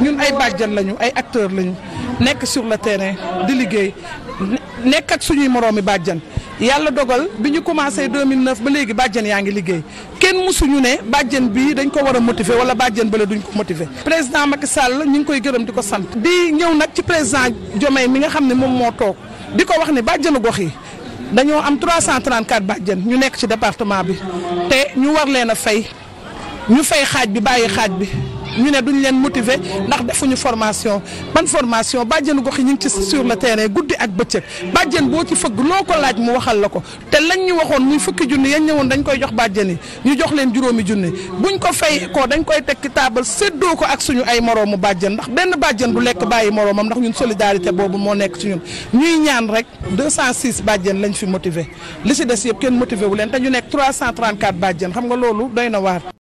ñun ay bàjjan lañu ay acteurs lañu nekk sur le terrain di liggéey nekk ak suñuy moroomi bàjjan yàlla dogal bi ñu commencé 2009 ba léegi bàjjen yaa ngi liggéey kenn mësuñu ne bàjjen bi dañ ko war a motiver wala bàjjen bële duñ ko motiver président Macky Sall ñu ngi koy gërëm di ko sant. di ñëw nag ci président Diomaye mi nga xam ne moom moo toog di ko wax ne bàjjenu gox yi dañoo am cent 334 bàjjen ñu nekk ci département bi te ñu war leen a fay ñu fay xaaj bi bàyyi xaaj bi. ñu ne duñ leen motiver ndax defuñu formation ban formation bàjjenu gox yi ñu ngi ci sur le terrain guddi ak bëccëg bàjjen boo ci fëgg loo ko laaj mu waxal la ko te lañ ñu waxoon muy fukki junni yañ ñëwoon dañ koy jox bàjjen yi ñu jox leen juróomi junni buñ ko fay ko dañ koy teg ci taabal séddoo ko ak suñu ay moroomu bàjjen ndax benn bàjjen du lekk bàyyi moroomam ndax ñun solidarité boobu moo nekk ci ñun ñuy ñaan rek 206 bàjjen lañ fi motiver li ci des yëpp kenn motiver wu leen te ñu nekk 334 bàjjen xam nga loolu doy na waar